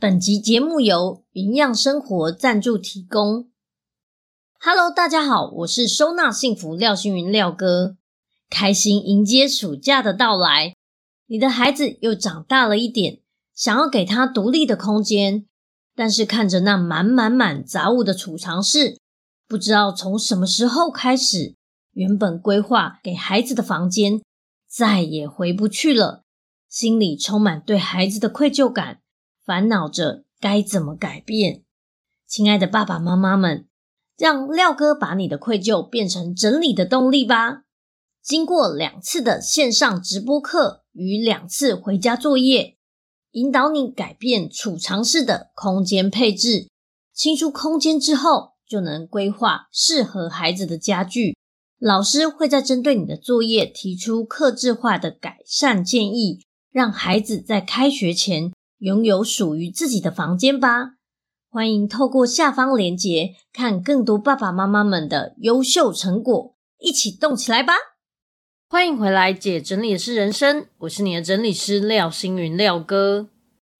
本集節目由營養生活贊助提供。Hello，大家好，我是收納幸福廖心筠廖哥，開心迎接暑假的到來。你的孩子又長大了一點，想要給他獨立的空間，但是看着那滿滿滿雜物的儲藏室，不知道從什麼時候開始，原本規劃給孩子的房間再也回不去了，心裡充滿對孩子的愧疚感。煩惱着該怎麼改變，親愛的爸爸媽媽們，讓廖哥把你的愧疚變成整理的動力吧。經過兩次的線上直播課與兩次回家作業，引導你改變儲藏室的空間配置，清出空間之後，就能規劃適合孩子的家具。老師會在針對你的作業提出客製化的改善建議，讓孩子在開學前。擁有屬於自己的房間吧！歡迎透過下方鏈接看更多爸爸媽媽們的優秀成果，一起動起來吧！歡迎回來，姐整理的是人生，我是你的整理師廖星雲廖哥。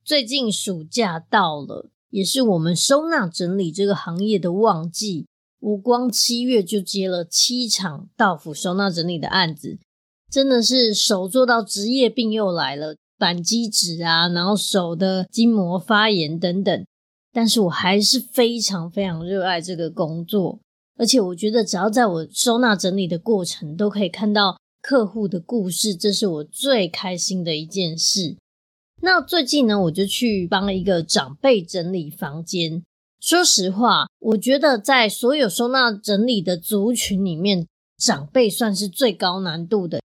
最近暑假到了，也是我們收納整理這個行業的旺季。我光七月就接了七場到府收納整理的案子，真的是手做到職業病又來了，扳機指啊，然後手的筋膜發炎等等，但是我還是非常非常熱愛這個工作，而且我覺得只要在我收納整理的過程，都可以看到客戶的故事，這是我最開心的一件事。那最近呢，我就去幫了一個長輩整理房間。說實話，我覺得在所有收納整理的族群裡面，長輩算是最高難度的。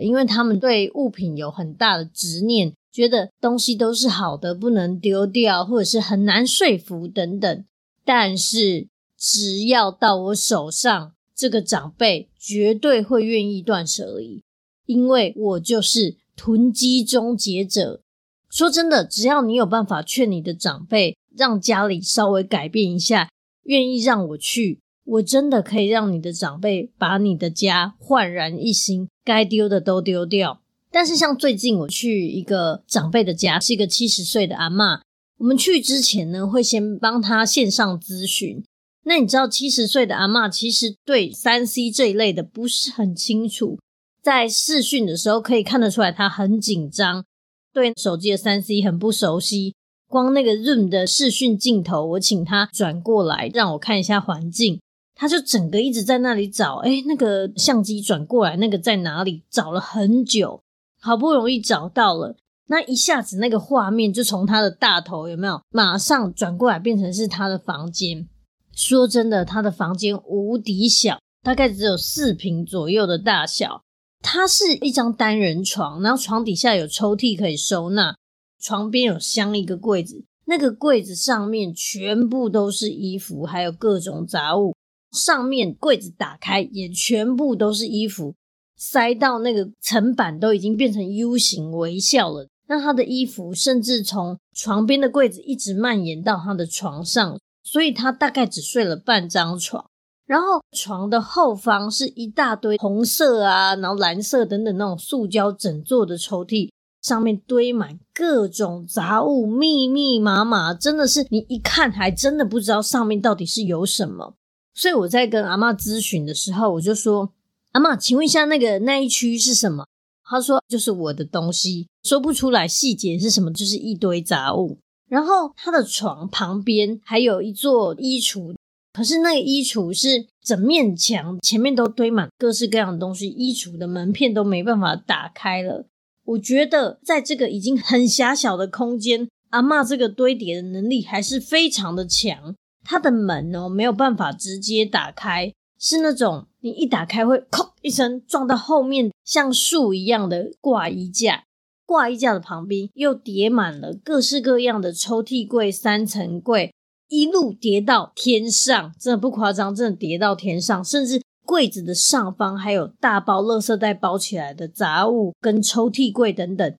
因為他們對物品有很大的執念，覺得東西都是好的，不能丟掉，或者是很難說服等等。但是只要到我手上，這個長輩絕對會願意斷捨離，因為我就是囤積終結者。說真的，只要你有辦法勸你的長輩，讓家裡稍微改變一下，願意讓我去，我真的可以讓你的長輩把你的家煥然一新。該丟的都丟掉，但是像最近我去一個長輩的家，是一個七十歲的阿嬤。我們去之前呢，會先幫她線上諮詢。那你知道七十歲的阿嬤其實對三 C 這一類的不是很清楚，在視訊的時候可以看得出來，她很緊張，對手機的三 C 很不熟悉。光那個 Zoom 的視訊鏡頭，我請她轉過來，讓我看一下環境。他就整個一直在那裡找，哎，那個相機轉過來，那個在哪裡？找了很久，好不容易找到了，那一下子那個畫面就從他的大頭有沒有馬上轉過來，變成是他的房間。說真的，他的房間無敵小，大概只有四平左右的大小。它是一張單人床，然後床底下有抽屜可以收納，床邊有箱一個櫃子，那個櫃子上面全部都是衣服，還有各種雜物。上面櫃子打開也全部都是衣服，塞到那個層板都已經變成 U 型微笑了。那他的衣服甚至從床邊的櫃子一直蔓延到他的床上，所以他大概只睡了半張床。然後床的後方是一大堆紅色啊，然後藍色等等那種塑膠整座的抽屜，上面堆滿各種雜物，密密麻麻，真的是你一看還真的不知道上面到底是有什麼。所以我在跟阿嬤諮詢的時候，我就說：“阿嬤，請問一下，那個那一區是什麼？”她說：“就是我的東西，說不出來細節是什麼，就是一堆雜物。”然後她的床旁邊還有一座衣櫥，可是那個衣櫥是整面牆，前面都堆滿各式各樣的東西，衣櫥的門片都沒辦法打開了。我覺得在這個已經很狹小的空間，阿嬤這個堆疊的能力還是非常的強。它的門哦，沒有辦法直接打開，是那種你一打開會“砰”一聲撞到後面像樹一樣的掛衣架，掛衣架的旁邊又疊滿了各式各樣的抽屜櫃、三層櫃，一路疊到天上，真的不誇張，真的疊到天上，甚至櫃子的上方還有大包垃圾袋包起來的雜物跟抽屜櫃等等，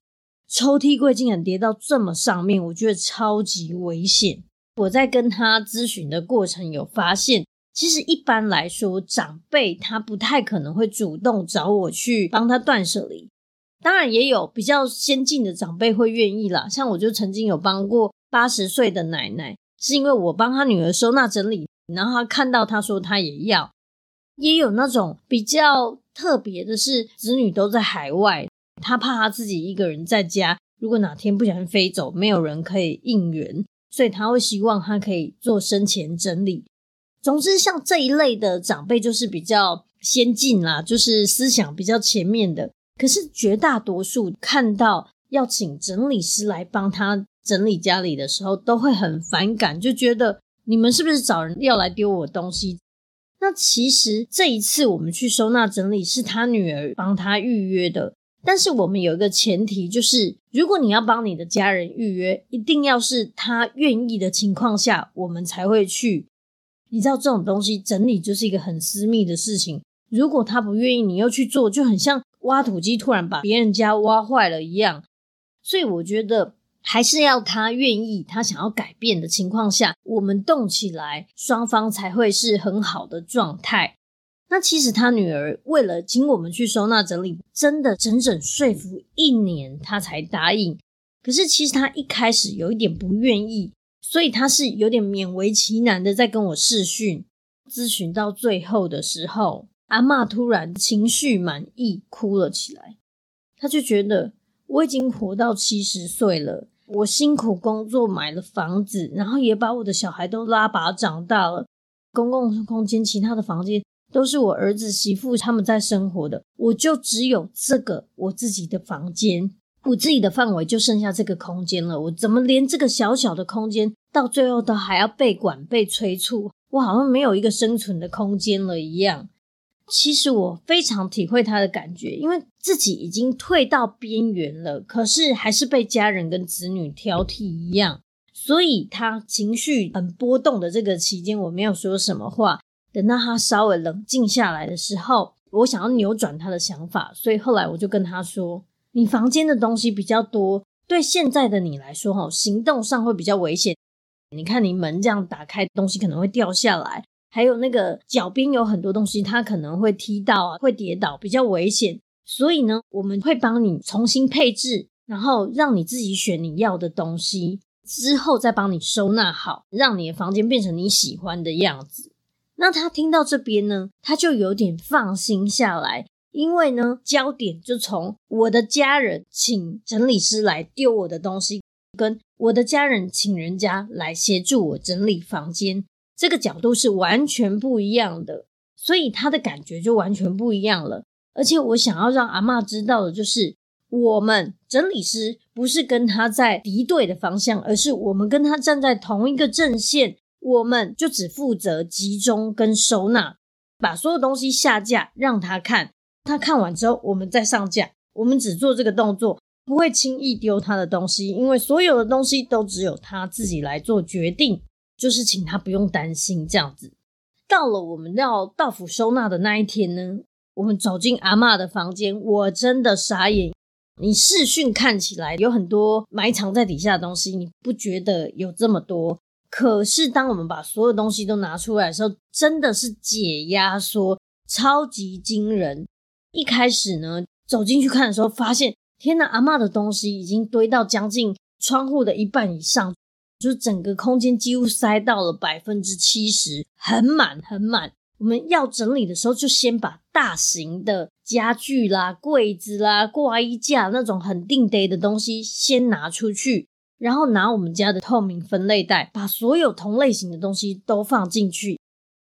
抽屜櫃竟然疊到這麼上面，我覺得超級危險。我在跟他諮詢的過程有發現，其實一般來說，長輩他不太可能會主動找我去幫他斷捨離。當然，也有比較先進的長輩會願意啦。像我就曾經有幫過八十歲的奶奶，是因為我幫他女兒收納整理，然後他看到他說他也要。也有那種比較特別的是，子女都在海外，他怕他自己一個人在家，如果哪天不小心飛走，沒有人可以應援。所以他會希望他可以做生前整理。總之，像這一類的長輩就是比較先進啦，就是思想比較前面的。可是絕大多數看到要請整理師來幫他整理家裡的時候，都會很反感，就覺得你們是不是找人要來丟我東西？那其實這一次我們去收納整理，是他女兒幫他預約的。但是我們有一個前提，就是如果你要幫你的家人預約，一定要是他願意的情況下，我們才會去。你知道這種東西整理就是一個很私密的事情，如果他不願意，你又去做，就很像挖土機突然把別人家挖壞了一樣。所以我覺得還是要他願意，他想要改變的情況下，我們動起來，雙方才會是很好的狀態。那其實他女兒為了請我們去收納整理，真的整整說服一年，他才答應。可是其實他一開始有一點不願意，所以他是有點勉為其難的在跟我視訊諮詢。到最後的時候，阿嬤突然情緒滿意，哭了起來。他就覺得我已經活到七十歲了，我辛苦工作買了房子，然後也把我的小孩都拉拔長大了，公共空間、其他的房間。都是我兒子媳婦他們在生活的，我就只有這個我自己的房間，我自己的範圍就剩下這個空間了。我怎麼連這個小小的空間，到最後都還要被管、被催促？我好像沒有一個生存的空間了一樣。其實我非常體會他的感覺，因為自己已經退到邊緣了，可是還是被家人跟子女挑剔一樣，所以他情緒很波動的這個期間，我沒有說什麼話。等到他稍微冷靜下來的時候，我想要扭轉他的想法，所以後來我就跟他說：“你房間的東西比較多，對現在的你來說，哈，行動上會比較危險。你看，你門這樣打開，東西可能會掉下來；還有那個腳邊有很多東西，他可能會踢到啊，會跌倒，比較危險。所以呢，我們會幫你重新配置，然後讓你自己選你要的東西，之後再幫你收納好，讓你的房間變成你喜歡的樣子。”那他聽到這邊呢，他就有點放心下來，因為呢，焦點就從我的家人請整理師來丟我的東西，跟我的家人請人家來協助我整理房間。這個角度是完全不一樣的，所以他的感覺就完全不一樣了。而且我想要讓阿嬤知道的，就是我們整理師不是跟他在敵對的方向，而是我們跟他站在同一個陣線。我們就只負責集中跟收納，把所有東西下架讓他看，他看完之後我們再上架。我們只做這個動作，不會輕易丟他的東西，因為所有的東西都只有他自己來做決定，就是請他不用擔心這樣子。到了我們要到府收納的那一天呢，我們走進阿嬤的房間，我真的傻眼。你視訊看起來有很多埋藏在底下的東西，你不覺得有這麼多？可是，當我們把所有東西都拿出來的時候，真的是解壓縮超級驚人。一開始呢，走進去看的時候，發現天哪，阿嬤的東西已經堆到將近窗戶的一半以上，就整個空間幾乎塞到了百分之七十，很滿很滿。我們要整理的時候，就先把大型的家具啦、櫃子啦、掛衣架那種很定堆的東西先拿出去。然後拿我們家的透明分類袋，把所有同類型的東西都放進去。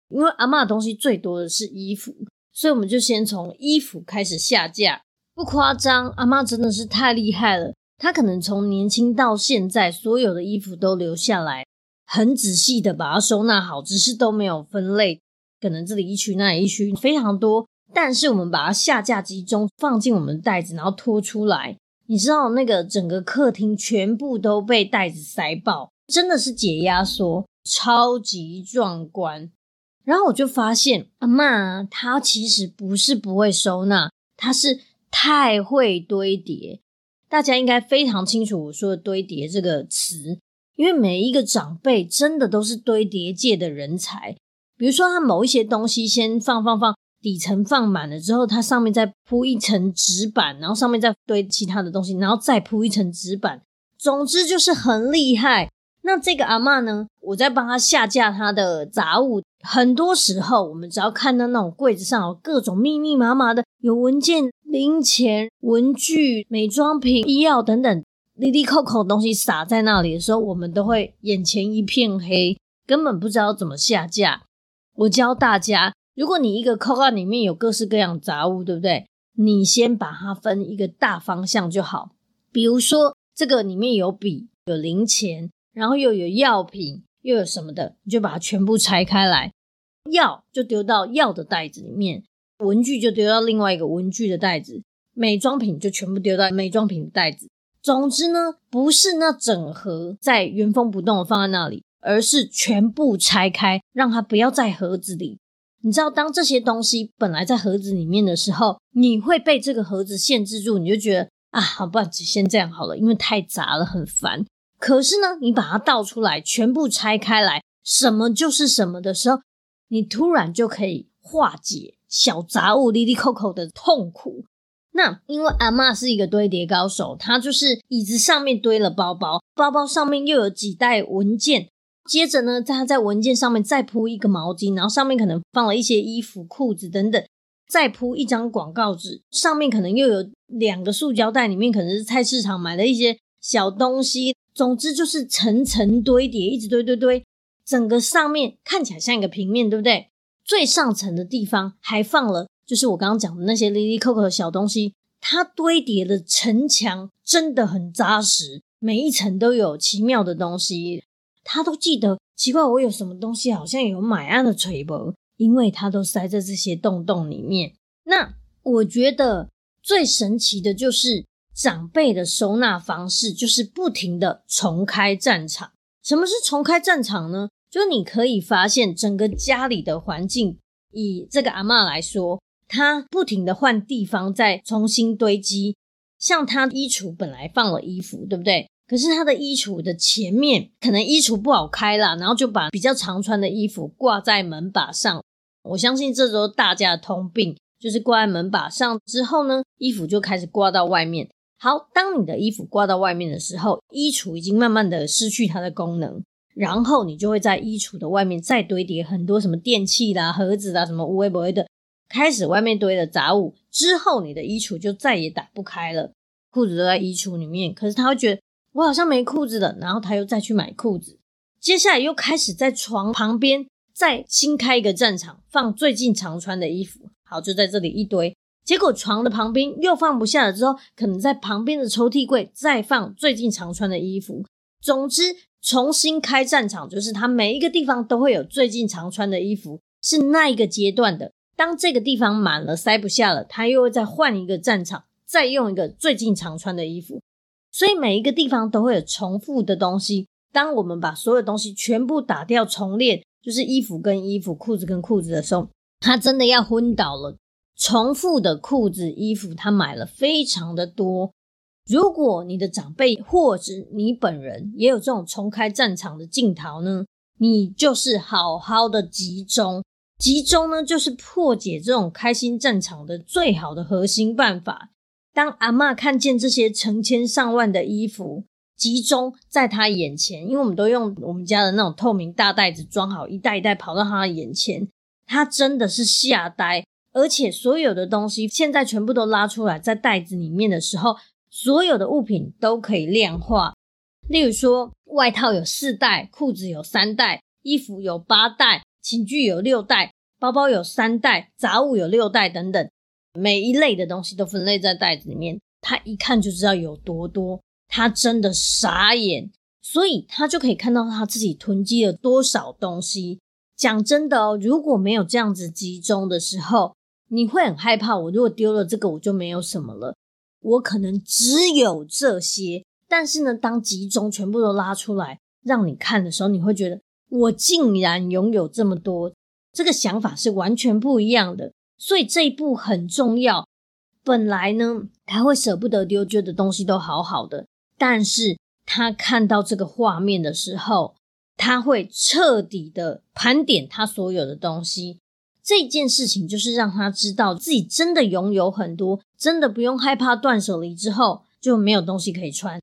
因為阿嬤的東西最多的是衣服，所以我們就先從衣服開始下架。不誇張，阿嬤真的是太厲害了。她可能從年輕到現在，所有的衣服都留下來，很仔細的把它收納好，只是都沒有分類，可能這裡一區那裡一區非常多。但是我們把它下架集中，放進我們的袋子，然後拖出來。你知道那個整個客廳全部都被袋子塞爆，真的是解壓縮超級壯觀。然後我就發現阿嬤，她其實不是不會收納，她是太會堆疊。大家應該非常清楚我說的堆疊這個詞，因為每一個長輩真的都是堆疊界的人才。比如說他某一些東西先放放放。底層放滿了之後，它上面再鋪一層紙板，然後上面再堆其他的東西，然後再鋪一層紙板。總之就是很厲害。那這個阿嬤呢，我在幫她下架她的雜物。很多時候，我們只要看到那種櫃子上有各種密密麻麻的，有文件、零錢、文具、美妝品、醫藥等等，哩哩摳摳的東西撒在那裡的時候，我們都會眼前一片黑，根本不知道怎麼下架。我教大家。如果你一個扣罐裡面有各式各樣雜物，對不對？你先把它分一個大方向就好。比如說，這個裡面有筆、有零錢，然後又有藥品，又有什麼的，你就把它全部拆開來。藥就丟到藥的袋子裡面，文具就丟到另外一個文具的袋子，美妝品就全部丟到美妝品的袋子。總之呢，不是那整盒在原封不動放在那裡，而是全部拆開，讓它不要在盒子裡。你知道，當這些東西本來在盒子裡面的時候，你會被這個盒子限制住，你就覺得啊，好吧，就先這樣好了，因為太雜了，很煩。可是呢，你把它倒出來，全部拆開來，什麼就是什麼的時候，你突然就可以化解小雜物、哩哩扣扣的痛苦。那因為阿嬤是一個堆疊高手，她就是椅子上面堆了包包，包包上面又有幾袋文件。接着呢，他在文件上面再鋪一個毛巾，然後上面可能放了一些衣服、褲子等等，再鋪一張廣告紙，上面可能又有兩個塑膠袋，裡面可能是菜市場買的一些小東西。總之就是層層堆疊，一直堆堆堆，整個上面看起來像一個平面，對不對？最上層的地方還放了，就是我剛剛講的那些哩哩摳摳的小東西。它堆疊的城牆真的很紮實，每一層都有奇妙的東西。他都記得，奇怪，我有什麼東西好像有買安的垂箔，因為他都塞在這些洞洞裡面。那我覺得最神奇的就是長輩的收納方式，就是不停的重開戰場。什麼是重開戰場呢？就你可以發現整個家裡的環境，以這個阿嬤來說，她不停的換地方再重新堆積，像她衣櫥本來放了衣服，對不對？可是他的衣櫥的前面可能衣櫥不好開啦，然後就把比較常穿的衣服掛在門把上。我相信這周大家通病，就是掛在門把上之後呢，衣服就開始掛到外面。好，當你的衣服掛到外面的時候，衣櫥已經慢慢的失去它的功能，然後你就會在衣櫥的外面再堆疊很多什麼電器啦、盒子啦、什麼有的沒的，開始外面堆了雜物之後，你的衣櫥就再也打不開了。褲子都在衣櫥裡面，可是他會覺得。我好像沒褲子了，然後他又再去買褲子。接下來又開始在床旁邊再新開一個戰場，放最近常穿的衣服。好，就在這裡一堆。結果床的旁邊又放不下了，之後可能在旁邊的抽屜櫃再放最近常穿的衣服。總之，重新開戰場，就是他每一個地方都會有最近常穿的衣服，是那一個階段的。當這個地方滿了，塞不下了，他又會再換一個戰場，再用一個最近常穿的衣服。所以每一個地方都會有重複的東西。當我們把所有東西全部打掉重練，就是衣服跟衣服、褲子跟褲子的時候，他真的要昏倒了。重複的褲子、衣服，他買了非常的多。如果你的長輩或者你本人也有這種重開戰場的勁頭呢，你就是好好的集中，集中呢就是破解這種開心戰場的最好的核心辦法。當阿嬤看見這些成千上萬的衣服集中在她眼前，因為我們都用我們家的那種透明大袋子裝好一袋一袋跑到她的眼前，她真的是嚇呆。而且所有的東西現在全部都拉出來在袋子裡面的時候，所有的物品都可以量化。例如說，外套有四袋，褲子有三袋，衣服有八袋，寢具有六袋，包包有三袋，雜物有六袋等等。每一類的東西都分類在袋子裡面，他一看就知道有多多，他真的傻眼，所以他就可以看到他自己囤積了多少東西。講真的哦，如果沒有這樣子集中的時候，你會很害怕。我如果丟了這個，我就沒有什麼了，我可能只有這些。但是呢，當集中全部都拉出來讓你看的時候，你會覺得我竟然擁有這麼多，這個想法是完全不一樣的。所以這一步很重要。本來呢，他會捨不得丟，覺得東西都好好的。但是他看到這個畫面的時候，他會徹底的盤點他所有的東西。這件事情就是讓他知道自己真的擁有很多，真的不用害怕斷捨離之後就沒有東西可以穿。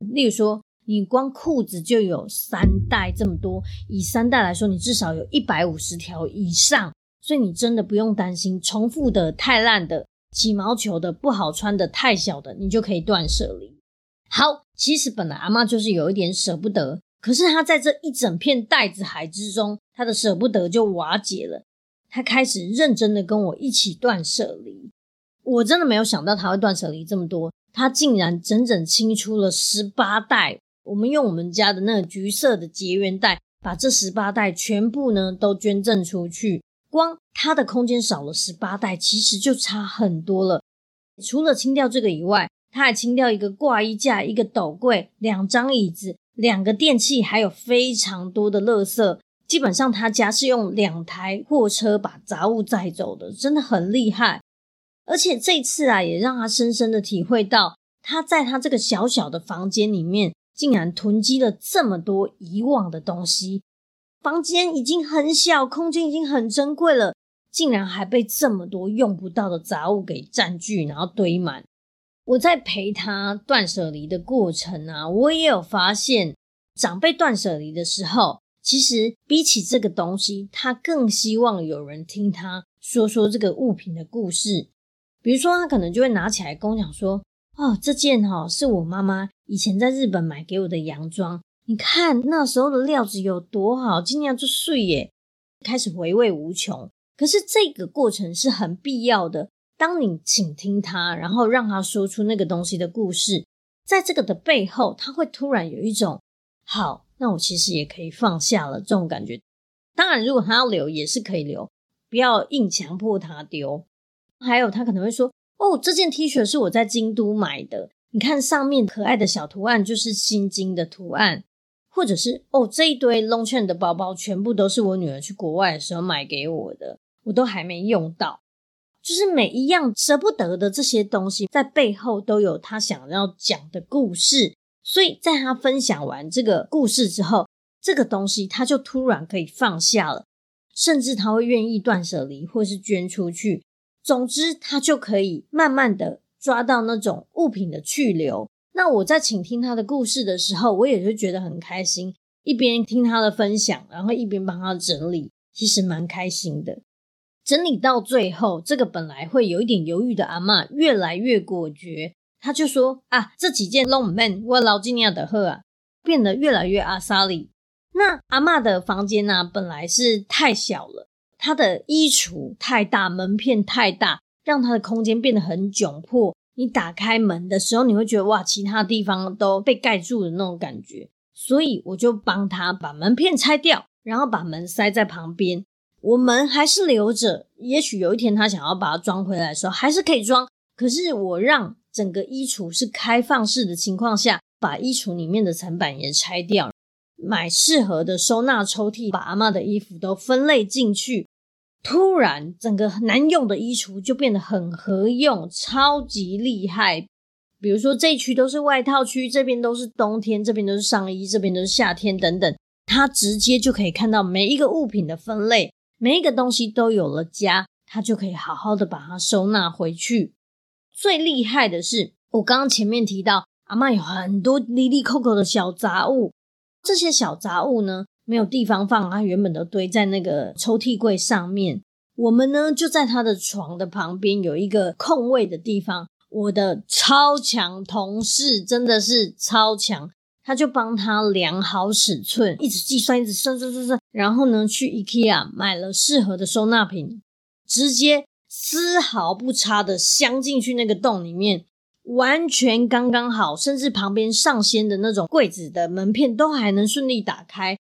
例如說，你光褲子就有三袋這麼多，以三袋來說，你至少有一百五十條以上。所以你真的不用擔心，重複的、太爛的、起毛球的、不好穿的、太小的，你就可以斷捨離。好，其實本來阿嬤就是有一點舍不得，可是她在這一整片袋子海之中，她的舍不得就瓦解了，她開始認真的跟我一起斷捨離。我真的沒有想到她會斷捨離這麼多，她竟然整整清出了十八袋。我們用我們家的那個橘色的結緣袋，把這十八袋全部呢都捐贈出去。光他的空間少了十八袋，其實就差很多了。除了清掉這個以外，他還清掉一個掛衣架、一個斗櫃、兩張椅子、兩個電器，還有非常多的垃圾。基本上他家是用兩台貨車把雜物載走的，真的很厲害。而且這次啊，也讓他深深的體會到，他在他這個小小的房間裡面，竟然囤積了這麼多以往的東西。房間已經很小，空間已經很珍貴了，竟然還被這麼多用不到的雜物給佔據，然後堆滿。我在陪他斷舍離的過程啊，我也有發現，長輩斷舍離的時候，其實比起這個東西，他更希望有人聽他說說這個物品的故事。比如說，他可能就會拿起來跟我講說：“哦，這件哈、哦、是我媽媽以前在日本買給我的洋裝。”你看那時候的料子有多好，竟然就碎耶，開始回味無窮。可是這個過程是很必要的，當你傾聽他，然後讓他說出那個東西的故事，在這個的背後，他會突然有一種好，那我其實也可以放下了這種感覺。當然，如果他要留也是可以留，不要硬強迫他丟。還有他可能會說：“哦，這件 T 恤是我在京都買的，你看上面可愛的小圖案就是新京的圖案。”或者是哦，這一堆 Longchamp 的包包全部都是我女兒去國外的時候買給我的，我都還沒用到。就是每一樣捨不得的這些東西，在背後都有他想要講的故事。所以在他分享完這個故事之後，這個東西他就突然可以放下了，甚至他會願意斷捨離，或是捐出去。總之，他就可以慢慢的抓到那種物品的去留。那我在傾聽他的故事的時候，我也是覺得很開心，一邊聽他的分享，然後一邊幫他整理，其實蠻開心的。整理到最後，這個本來會有一點猶豫的阿嬤，越來越果決。他就說：“啊，這幾件 long man 我老吉尼亞的貨啊，變得越來越阿薩里。”那阿嬤的房間呢、啊，本來是太小了，她的衣櫥太大，門片太大，讓她的空間變得很窘迫。你打開門的時候，你會覺得哇，其他地方都被蓋住的那種感覺。所以我就幫他把門片拆掉，然後把門塞在旁邊。我門還是留着，也許有一天他想要把它裝回來的時候，還是可以裝。可是我讓整個衣櫥是開放式的情況下，把衣櫥裡面的層板也拆掉，買適合的收納抽屜，把阿嬤的衣服都分類進去。突然，整個難用的衣櫥就變得很合用，超級厲害。比如說，這一區都是外套區，這邊都是冬天，這邊都是上衣，這邊都是夏天等等。它直接就可以看到每一個物品的分類，每一個東西都有了家，它就可以好好的把它收納回去。最厲害的是，我剛剛前面提到，阿嬤有很多哩哩扣扣的小雜物，這些小雜物呢？沒有地方放，啊，他原本都堆在那個抽屜櫃上面。我們呢，就在他的床的旁邊有一個空位的地方。我的超強同事真的是超強，他就幫他量好尺寸，一直計算，一直算算算算。然後呢，去 IKEA 買了適合的收納品，直接絲毫不差的鑲進去那個洞裡面，完全剛剛好，甚至旁邊上掀的那種櫃子的門片都還能順利打開。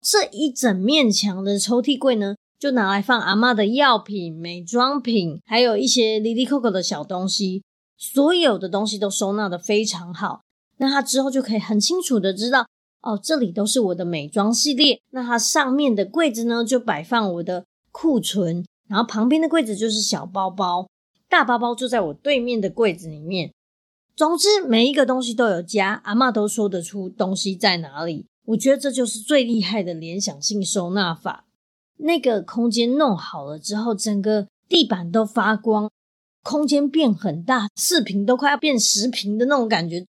這一整面牆的抽屜櫃呢，就拿來放阿嬤的藥品、美妝品，還有一些哩哩扣扣的小東西。所有的東西都收納得非常好。那它之後就可以很清楚的知道，哦，這裡都是我的美妝系列。那它上面的櫃子呢，就擺放我的庫存。然後旁邊的櫃子就是小包包，大包包就在我對面的櫃子裡面。總之，每一個東西都有家，阿嬤都說得出東西在哪裡。我覺得這就是最厲害的聯想性收納法。那個空間弄好了之後，整個地板都發光，空間變很大，四平都快要變十平的那種感覺。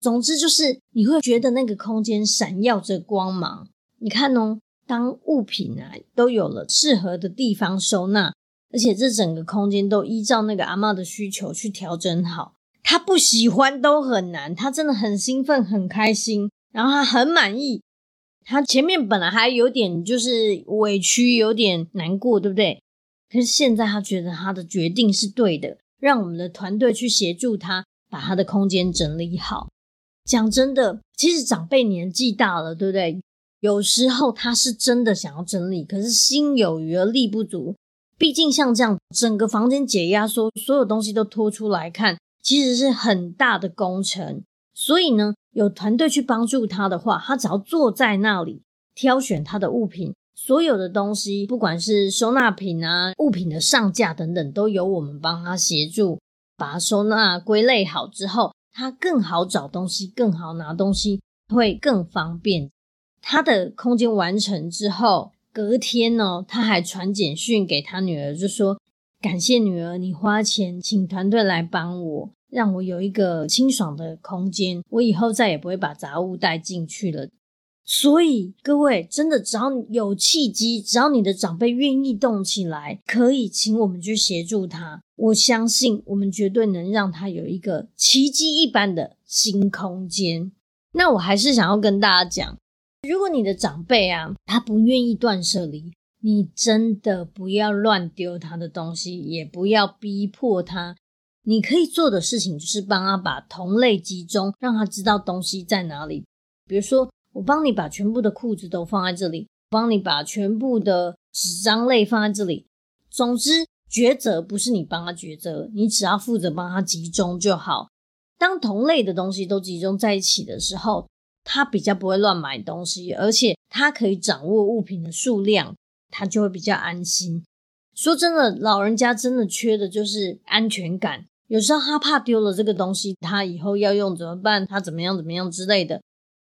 總之就是你會覺得那個空間閃耀着光芒。你看哦，當物品啊都有了適合的地方收納，而且這整個空間都依照那個阿嬤的需求去調整好，她不喜歡都很難，她真的很興奮很開心。然後他很滿意，他前面本來還有點就是委屈，有點難過，對不對？可是現在他覺得他的決定是對的，讓我們的團隊去協助他把他的空間整理好。講真的，其實長輩年紀大了，對不對？有時候他是真的想要整理，可是心有餘而力不足。畢竟像這樣整個房間解壓縮，所有東西都拖出來看，其實是很大的工程。所以呢，有團隊去幫助他的話，他只要坐在那裡挑選他的物品，所有的東西，不管是收納品啊、物品的上架等等，都由我們幫他協助，把他收納歸類好之後，他更好找東西，更好拿東西，會更方便。他的空間完成之後，隔天呢、哦，他還傳簡訊給他女兒，就說感謝女兒，你花錢請團隊來幫我，讓我有一個清爽的空間，我以後再也不會把雜物帶進去了。所以各位，真的只要有契機，只要你的長輩願意動起來，可以請我們去協助他，我相信我們絕對能讓他有一個奇跡一般的新空間。那我還是想要跟大家講，如果你的長輩啊，他不願意斷捨離，你真的不要亂丟他的東西，也不要逼迫他。你可以做的事情就是幫他把同類集中，讓他知道東西在哪裡。比如說，我幫你把全部的褲子都放在這裡，我幫你把全部的紙張類放在這裡。總之，抉擇不是你幫他抉擇，你只要負責幫他集中就好。當同類的東西都集中在一起的時候，他比較不會亂買東西，而且他可以掌握物品的數量，他就會比較安心。說真的，老人家真的缺的就是安全感。有時候他怕丟了這個東西，他以後要用怎麼辦？他怎麼樣怎麼樣之類的。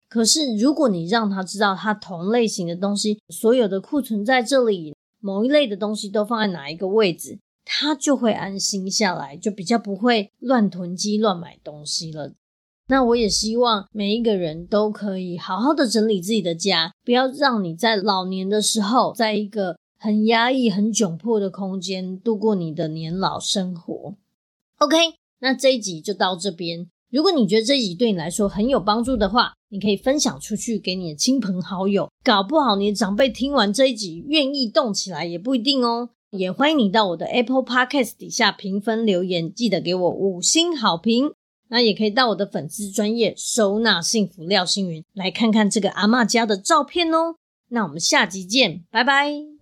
可是如果你讓他知道，他同類型的東西所有的庫存在這裡，某一類的東西都放在哪一個位置，他就會安心下來，就比較不會亂囤積、亂買東西了。那我也希望每一個人都可以好好的整理自己的家，不要讓你在老年的時候，在一個很壓抑、很窘迫的空間度過你的年老生活。OK，那這一集就到這邊。如果你覺得這一集對你來說很有幫助的話，你可以分享出去給你的親朋好友。搞不好你的長輩聽完這一集，願意動起來也不一定哦。也歡迎你到我的 Apple Podcast 底下評分留言，記得給我五星好評。那也可以到我的粉絲專業收納幸福廖星雲來看看這個阿嬤家的照片哦。那我們下集見，拜拜。